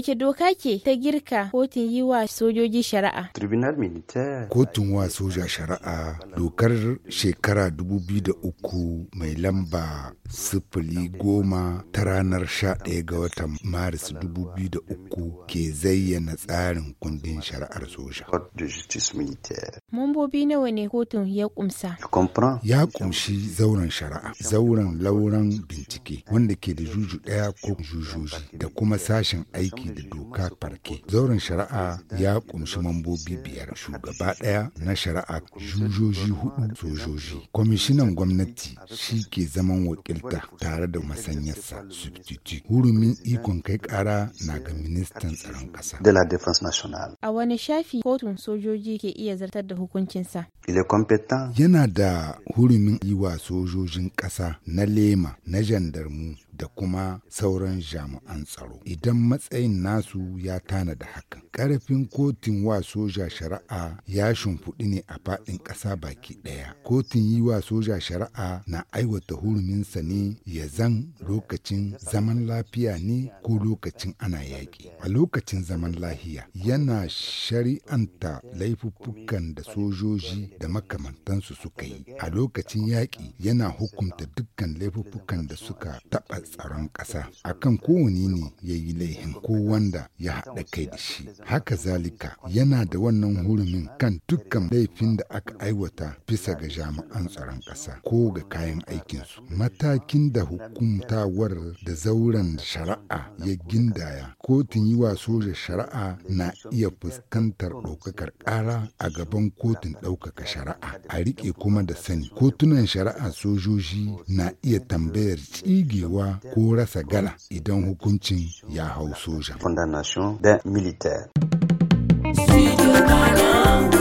Wace doka ke ta girka kotun yi wa sojoji shari'a? Tribunal Kotun wa soja shari'a dokar shekara 2003 mai lamba sifili goma ta ranar 11 ga watan Maris 2003 ke zayyana tsarin kundin shari'ar soja. Mambobi nawa ne kotun ya kumsa? Ya kumshi zauren shari'a, zauren lauran bincike wanda ke da juju ɗaya ko jujuji da kuma sashen aiki da doka farke zauren shari'a ya ƙunshi mambobi biyar shugaba ɗaya na shari'a jujoji hudu sojoji kwamishinan gwamnati shi ke zaman wakilta tare da masanyarsa substitute hurumin ikon kai kara na ga ministan tsaron ƙasa a wani shafi kotun sojoji ke iya zartar da hukuncinsa yana da hurumin yi wa sojojin kasa na lema na jandarmu da kuma sauran jami'an tsaro idan matsayin nasu ya tana da hakan. Ƙarfin kotun wa soja shari'a ya shimfiɗi ne a faɗin ƙasa baki ɗaya. Kotun yi wa soja shari'a na aiwata huruminsa ne ya zan lokacin zaman lafiya ne ko lokacin ana yaƙi. A lokacin zaman lahiya yana shari'anta laifuffukan da sojoji da makamantansu suka yi. A lokacin yaƙi yana hukunta dukkan laifuffukan da suka taɓa tsaron ƙasa. Akan kowane ne ya yi laihin ko wanda ya haɗa kai da shi. haka zalika yana da wannan hurumin kan dukkan laifin da aka aiwata bisa ga jami'an tsaron ƙasa ko ga kayan aikinsu matakin da hukumtawar da zauren shari'a ya gindaya kotun yi wa soja shari'a na iya fuskantar ɗaukakar ƙara a gaban kotun ɗaukaka shari'a a riƙe kuma da sani kotunan shari'a sojoji na iya tambayar tsigewa ko rasa gala idan hukuncin ya hau soja. Fondation d'un militaire. you Havana.